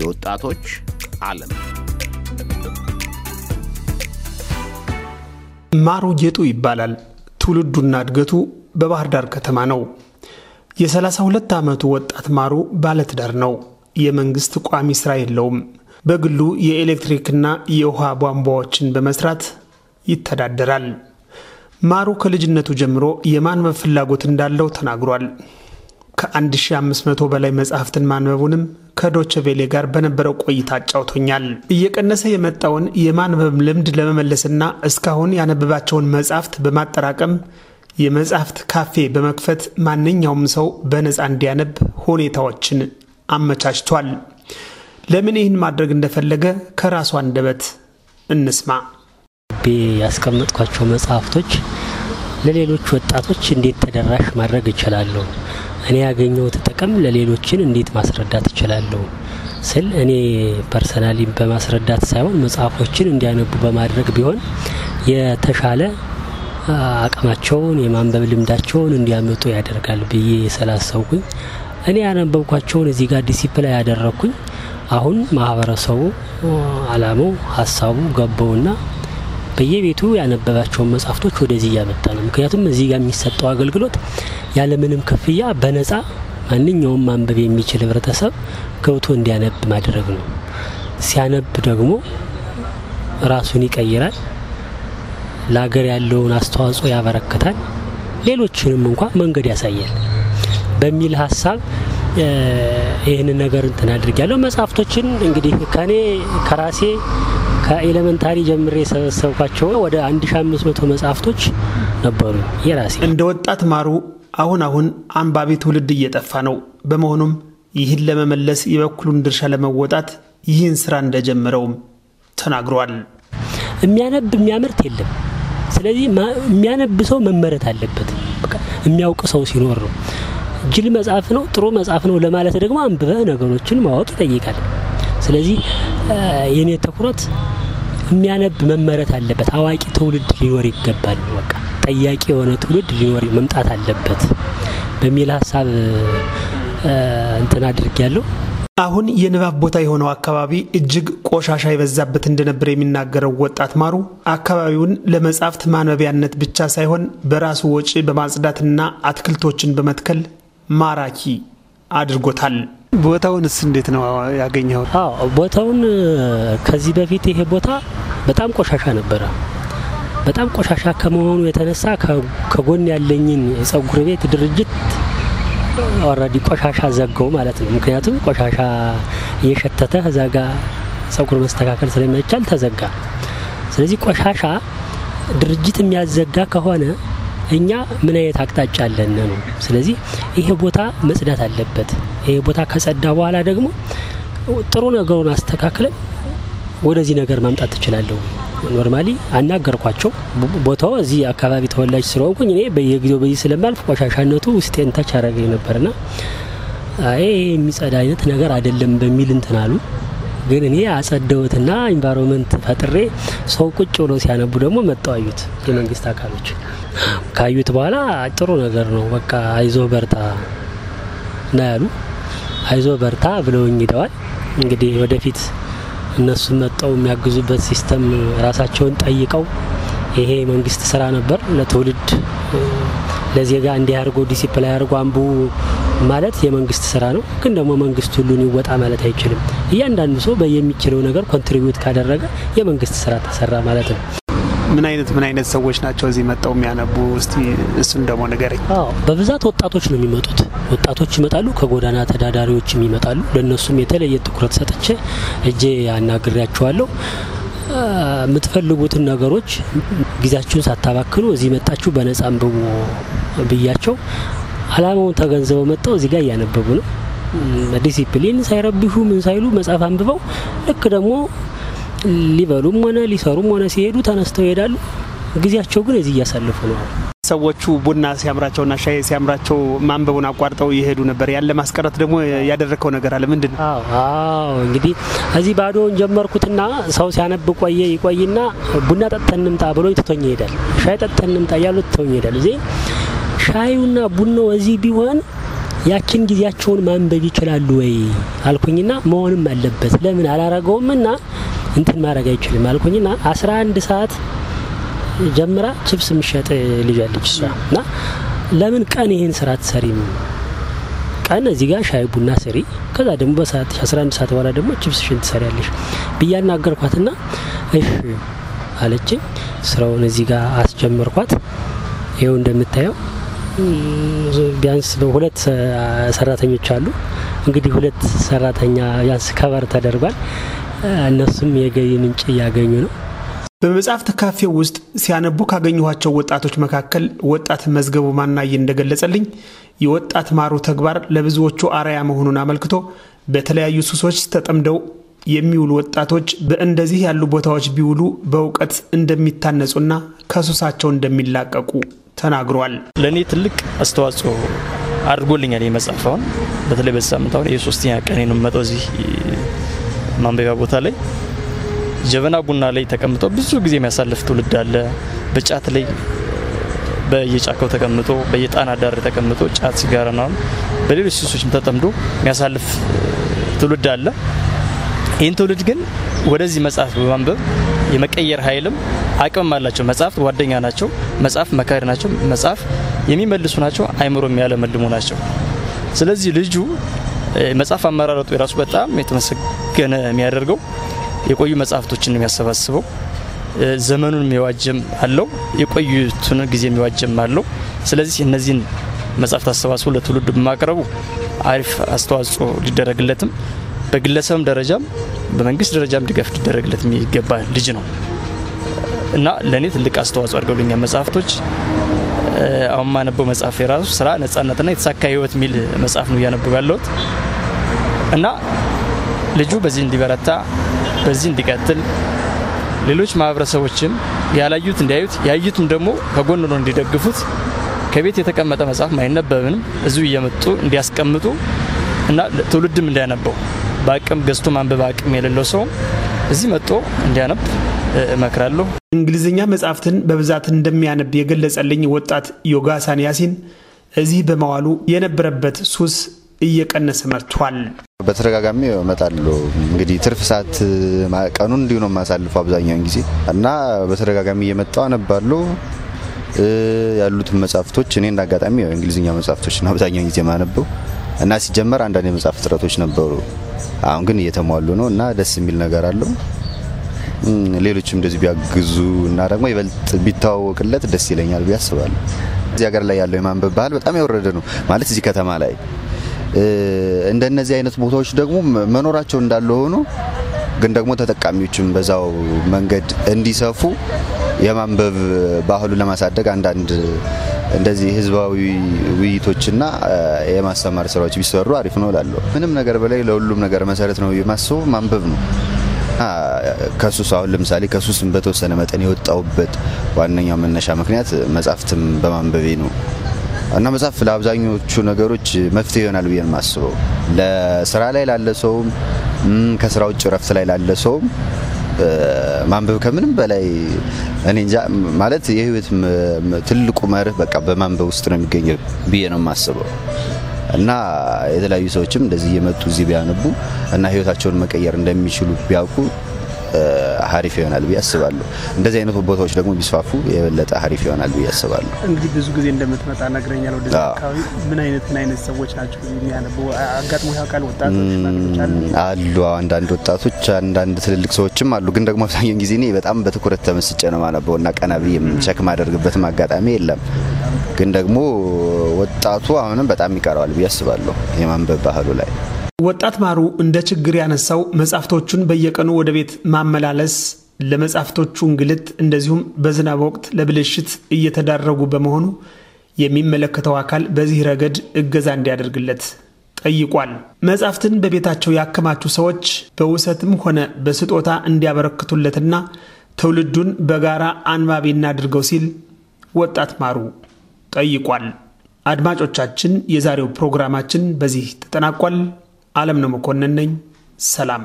የወጣቶች ዓለም ማሩ ጌጡ ይባላል። ትውልዱና እድገቱ በባህር ዳር ከተማ ነው። የ32 ዓመቱ ወጣት ማሩ ባለትዳር ነው። የመንግስት ቋሚ ስራ የለውም። በግሉ የኤሌክትሪክና የውሃ ቧንቧዎችን በመስራት ይተዳደራል። ማሩ ከልጅነቱ ጀምሮ የማንበብ ፍላጎት እንዳለው ተናግሯል። ከ1500 በላይ መጽሐፍትን ማንበቡንም ከዶች ቬሌ ጋር በነበረው ቆይታ አጫውቶኛል። እየቀነሰ የመጣውን የማንበብ ልምድ ለመመለስና እስካሁን ያነበባቸውን መጽሐፍት በማጠራቀም የመጽሐፍት ካፌ በመክፈት ማንኛውም ሰው በነፃ እንዲያነብ ሁኔታዎችን አመቻችቷል። ለምን ይህን ማድረግ እንደፈለገ ከራሱ አንደበት እንስማ። ቤ ያስቀመጥኳቸው መጽሐፍቶች ለሌሎች ወጣቶች እንዴት ተደራሽ ማድረግ እችላለሁ? እኔ ያገኘሁት ጥቅም ለሌሎችን እንዴት ማስረዳት እችላለሁ? ስል እኔ ፐርሰናሊ በማስረዳት ሳይሆን መጽሐፎችን እንዲያነቡ በማድረግ ቢሆን የተሻለ አቅማቸውን የማንበብ ልምዳቸውን እንዲያመጡ ያደርጋል ብዬ ስላሰብኩኝ እኔ ያነበብኳቸውን እዚህ ጋር ዲሲፕላ ያደረግኩኝ አሁን ማህበረሰቡ አላማው ሀሳቡ ገባውና በየቤቱ ያነበባቸውን መጽሐፍቶች ወደዚህ እያመጣ ነው። ምክንያቱም እዚህ ጋር የሚሰጠው አገልግሎት ያለምንም ክፍያ በነጻ ማንኛውም ማንበብ የሚችል ህብረተሰብ ገብቶ እንዲያነብ ማድረግ ነው። ሲያነብ ደግሞ ራሱን ይቀይራል፣ ለሀገር ያለውን አስተዋጽኦ ያበረክታል፣ ሌሎችንም እንኳ መንገድ ያሳያል በሚል ሀሳብ ይህንን ነገር እንትን ያለው መጽሐፍቶችን እንግዲህ ከኔ ከራሴ ከኤሌመንታሪ ጀምሬ የሰበሰብኳቸው ወደ 1500 መጽሐፍቶች ነበሩ የራሴ። እንደ ወጣት ማሩ አሁን አሁን አንባቢ ትውልድ እየጠፋ ነው። በመሆኑም ይህን ለመመለስ የበኩሉን ድርሻ ለመወጣት ይህን ስራ እንደጀመረውም ተናግሯል። የሚያነብ የሚያመርት የለም። ስለዚህ የሚያነብ ሰው መመረት አለበት። የሚያውቅ ሰው ሲኖር ነው። ጅል መጽሐፍ ነው፣ ጥሩ መጽሐፍ ነው ለማለት ደግሞ አንብበህ ነገሮችን ማወቅ ይጠይቃል። ስለዚህ የኔ ትኩረት የሚያነብ መመረት አለበት። አዋቂ ትውልድ ሊኖር ይገባል። በቃ ጠያቂ የሆነ ትውልድ ሊኖር መምጣት አለበት በሚል ሀሳብ እንትን አድርግ ያለው አሁን የንባብ ቦታ የሆነው አካባቢ እጅግ ቆሻሻ የበዛበት እንደነበር የሚናገረው ወጣት ማሩ አካባቢውን ለመጻሕፍት ማንበቢያነት ብቻ ሳይሆን በራሱ ወጪ በማጽዳትና አትክልቶችን በመትከል ማራኪ አድርጎታል። ቦታውንስ እንዴት ነው ያገኘው? አዎ ቦታውን ከዚህ በፊት ይሄ ቦታ በጣም ቆሻሻ ነበረ። በጣም ቆሻሻ ከመሆኑ የተነሳ ከጎን ያለኝን የጸጉር ቤት ድርጅት ኦልሬዲ ቆሻሻ ዘጋው ማለት ነው። ምክንያቱም ቆሻሻ እየሸተተ እዛ ጋ ጸጉር መስተካከል ስለማይቻል ተዘጋ። ስለዚህ ቆሻሻ ድርጅት የሚያዘጋ ከሆነ እኛ ምን አይነት አቅጣጫ አለን ነው። ስለዚህ ይሄ ቦታ መጽዳት አለበት። ይሄ ቦታ ከጸዳ በኋላ ደግሞ ጥሩ ነገሩን አስተካክለን ወደዚህ ነገር ማምጣት ትችላለሁ። ኖርማሊ አናገርኳቸው። ቦታው እዚህ አካባቢ ተወላጅ ስለሆንኩኝ እኔ በየጊዜው በዚህ ስለማልፍ ቆሻሻነቱ ውስጤን ታች አረገኝ ነበርና ይሄ የሚጸዳ አይነት ነገር አይደለም በሚል እንትን አሉ። ግን እኔ አጸደውትና ኢንቫይሮንመንት ፈጥሬ ሰው ቁጭ ብሎ ሲያነቡ ደግሞ መጣው አዩት የመንግስት አካሎች። ካዩት በኋላ ጥሩ ነገር ነው በቃ አይዞ በርታ ና ያሉ አይዞ በርታ ብለውኝ ሂደዋል። እንግዲህ ወደፊት እነሱ መጠው የሚያግዙበት ሲስተም ራሳቸውን ጠይቀው ይሄ መንግስት ስራ ነበር ለትውልድ ለዜጋ እንዲህ አድርጎ ዲሲፕላይ አድርጎ አንቡ ማለት የመንግስት ስራ ነው። ግን ደግሞ መንግስት ሁሉን ይወጣ ማለት አይችልም። እያንዳንዱ ሰው በየሚችለው ነገር ኮንትሪቢዩት ካደረገ የመንግስት ስራ ተሰራ ማለት ነው። ምን አይነት ምን አይነት ሰዎች ናቸው እዚህ መጣው የሚያነቡ? እስቲ እሱን ደግሞ ንገረኝ። አዎ በብዛት ወጣቶች ነው የሚመጡት። ወጣቶች ይመጣሉ፣ ከጎዳና ተዳዳሪዎችም ይመጣሉ። ለእነሱም የተለየ ትኩረት ሰጥቼ እጄ አናግሬያቸዋለሁ። የምትፈልጉትን ነገሮች ጊዜያችሁን ሳታባክኑ እዚህ መጣችሁ በነጻ አንብቡ ብያቸው አላማውን ተገንዝበው መጥተው እዚህ ጋር እያነበቡ ነው። ዲሲፕሊን ሳይረብሹ ምን ሳይሉ መጽሐፍ አንብበው ልክ ደግሞ ሊበሉም ሆነ ሊሰሩም ሆነ ሲሄዱ ተነስተው ይሄዳሉ። ጊዜያቸው ግን እዚህ እያሳለፉ ነው። ሰዎቹ ቡና ሲያምራቸውና ሻይ ሲያምራቸው ማንበቡን አቋርጠው ይሄዱ ነበር። ያለ ማስቀረት ደግሞ ያደረከው ነገር አለ። ምንድን ነው? አዎ እንግዲህ እዚህ ባዶውን ጀመርኩትና ሰው ሲያነብ ቆየ ይቆይና ቡና ጠጥተን እንምጣ ብሎኝ ትቶኝ ይሄዳል። ሻይ ጠጥተን እንምጣ እያሉ ትቶኝ ይሄዳል። እዚህ ሻዩና ቡናው እዚህ ቢሆን ያችን ጊዜያቸውን ማንበብ ይችላሉ ወይ አልኩኝና መሆንም አለበት ለምን አላረገውም እንትን ማድረግ አይችልም አልኩኝና አስራ አንድ ሰዓት ጀምራ ችብስ የምሸጥ ልጅ እሷ እና ለምን ቀን ይሄን ስራ ትሰሪም ቀን እዚህ ጋር ሻይ ቡና ስሪ፣ ከዛ ደግሞ በሰዓት 11 ሰዓት በኋላ ደግሞ ችብስሽን ትሰሪያለሽ ብያናገርኳትና እሺ አለችኝ። ስራውን እዚህ ጋር አስጀመርኳት። ይኸው እንደምታየው ቢያንስ ሁለት ሰራተኞች አሉ። እንግዲህ ሁለት ሰራተኛ ቢያንስ ከበር ተደርጓል። እነሱም የገቢ ምንጭ እያገኙ ነው። በመጽሐፍት ካፌ ውስጥ ሲያነቡ ካገኘኋቸው ወጣቶች መካከል ወጣት መዝገቡ ማናዬ እንደገለጸልኝ የወጣት ማሩ ተግባር ለብዙዎቹ አርአያ መሆኑን አመልክቶ በተለያዩ ሱሶች ተጠምደው የሚውሉ ወጣቶች በእንደዚህ ያሉ ቦታዎች ቢውሉ በእውቀት እንደሚታነጹና ከሱሳቸው እንደሚላቀቁ ተናግሯል። ለእኔ ትልቅ አስተዋጽኦ አድርጎልኛል። የመጽሐፍ በተለይ በዚህ ሳምንት አሁን የሶስተኛ ቀን ነው እዚህ ማንበቢያ ቦታ ላይ ጀበና ቡና ላይ ተቀምጦ ብዙ ጊዜ የሚያሳልፍ ትውልድ አለ። በጫት ላይ በየጫካው ተቀምጦ በየጣና ዳር ተቀምጦ ጫት፣ ሲጋራና በሌሎች ሱሶችም ተጠምዶ የሚያሳልፍ ትውልድ አለ። ይህን ትውልድ ግን ወደዚህ መጽሐፍ በማንበብ የመቀየር ኃይልም አቅምም አላቸው። መጽሐፍት ጓደኛ ናቸው። መጽሐፍ መካሪ ናቸው። መጽሐፍ የሚመልሱ ናቸው። አይምሮ የሚያለመልሙ ናቸው። ስለዚህ ልጁ መጽሐፍ አመራረጡ የራሱ በጣም የተመሰገነ የሚያደርገው የቆዩ መጽሐፍቶችን የሚያሰባስበው። ዘመኑን የሚዋጀም አለው፣ የቆዩትን ጊዜ የሚዋጀም አለው። ስለዚህ እነዚህን መጽሐፍት አሰባስቦ ለትውልድ በማቅረቡ አሪፍ አስተዋጽኦ ሊደረግለትም በግለሰብም ደረጃም በመንግስት ደረጃም ድጋፍ ሊደረግለት የሚገባ ልጅ ነው እና ለእኔ ትልቅ አስተዋጽኦ አድርገውልኛ መጽሐፍቶች። አሁን ማነበው መጽሐፍ የራሱ ስራ ነጻነትና የተሳካ ህይወት የሚል መጽሐፍ ነው እያነበው ያለሁት እና ልጁ በዚህ እንዲበረታ በዚህ እንዲቀጥል ሌሎች ማህበረሰቦችም ያላዩት እንዲያዩት ያዩትም ደግሞ ከጎን ነው እንዲደግፉት ከቤት የተቀመጠ መጽሐፍ ማይነበብንም እዙ እየመጡ እንዲያስቀምጡ እና ትውልድም እንዳያነበው በአቅም ገዝቶ ማንበብ አቅም የሌለው ሰው እዚህ መጥቶ እንዲያነብ እመክራለሁ። እንግሊዝኛ መጽሐፍትን በብዛት እንደሚያነብ የገለጸልኝ ወጣት ዮጋሳን ያሲን እዚህ በመዋሉ የነበረበት ሱስ እየቀነሰ መጥቷል። በተደጋጋሚ እመጣለሁ። እንግዲህ ትርፍ ሰዓት ቀኑን እንዲሁ ነው የማሳልፈው አብዛኛውን ጊዜ እና በተደጋጋሚ እየመጣው አነባለሁ ያሉትን መጽሐፍቶች እኔ እንደ አጋጣሚ እንግሊዝኛ መጽሐፍቶች ነው አብዛኛውን ጊዜ ማነበው እና ሲጀመር አንዳንድ የመጽሐፍ እጥረቶች ነበሩ። አሁን ግን እየተሟሉ ነው እና ደስ የሚል ነገር አለው። ሌሎችም እንደዚህ ቢያግዙ እና ደግሞ ይበልጥ ቢተዋወቅለት ደስ ይለኛል ብዬ አስባለሁ። እዚህ ሀገር ላይ ያለው የማንበብ ባህል በጣም የወረደ ነው ማለት እዚህ ከተማ ላይ እንደነዚህ አይነት ቦታዎች ደግሞ መኖራቸው እንዳለ ሆኖ ግን ደግሞ ተጠቃሚዎችም በዛው መንገድ እንዲሰፉ የማንበብ ባህሉን ለማሳደግ አንዳንድ እንደዚህ ህዝባዊ ውይይቶችና የማስተማር ስራዎች ቢሰሩ አሪፍ ነው እላለሁ። ምንም ነገር በላይ ለሁሉም ነገር መሰረት ነው የማስበው ማንበብ ነው። ከሱስ አሁን ለምሳሌ ከሱስም በተወሰነ መጠን የወጣውበት ዋነኛው መነሻ ምክንያት መጽሐፍትም በማንበቤ ነው እና መጽሐፍ ለአብዛኞቹ ነገሮች መፍትሄ ይሆናል ብዬ ማስበው ለስራ ላይ ላለ ሰውም ከስራ ውጭ እረፍት ላይ ላለ ሰውም ማንበብ ከምንም በላይ እኔ እንጃ ማለት የህይወት ትልቁ መርህ በቃ በማንበብ ውስጥ ነው የሚገኘው ብዬ ነው የማስበው። እና የተለያዩ ሰዎችም እንደዚህ እየመጡ እዚህ ቢያነቡ እና ህይወታቸውን መቀየር እንደሚችሉ ቢያውቁ ሀሪፍ ይሆናል ብዬ አስባለሁ። እንደዚህ አይነቱ ቦታዎች ደግሞ ቢስፋፉ የበለጠ ሀሪፍ ይሆናል ብዬ አስባለሁ። እንግዲህ ብዙ ጊዜ እንደምትመጣ ነግረኛል። ወደዚህ አካባቢ ምን አይነት ምን አይነት ሰዎች ናቸው የሚያነቡ አጋጥሞ ያውቃል? ወጣቶች አሉ፣ አንዳንድ ወጣቶች፣ አንዳንድ ትልልቅ ሰዎችም አሉ። ግን ደግሞ አብዛኛውን ጊዜ እኔ በጣም በትኩረት ተመስጬ ነው ማነበው እና ቀና ብዬ ቸክ ማደርግበትም አጋጣሚ የለም። ግን ደግሞ ወጣቱ አሁንም በጣም ይቀረዋል ብዬ አስባለሁ የማንበብ ባህሉ ላይ ወጣት ማሩ እንደ ችግር ያነሳው መጻሕፍቶቹን በየቀኑ ወደ ቤት ማመላለስ፣ ለመጻሕፍቶቹ እንግልት፣ እንደዚሁም በዝናብ ወቅት ለብልሽት እየተዳረጉ በመሆኑ የሚመለከተው አካል በዚህ ረገድ እገዛ እንዲያደርግለት ጠይቋል። መጻሕፍትን በቤታቸው ያከማቹ ሰዎች በውሰትም ሆነ በስጦታ እንዲያበረክቱለትና ትውልዱን በጋራ አንባቢ እናድርገው ሲል ወጣት ማሩ ጠይቋል። አድማጮቻችን፣ የዛሬው ፕሮግራማችን በዚህ ተጠናቋል። አለምነው መኮንን ነኝ። ሰላም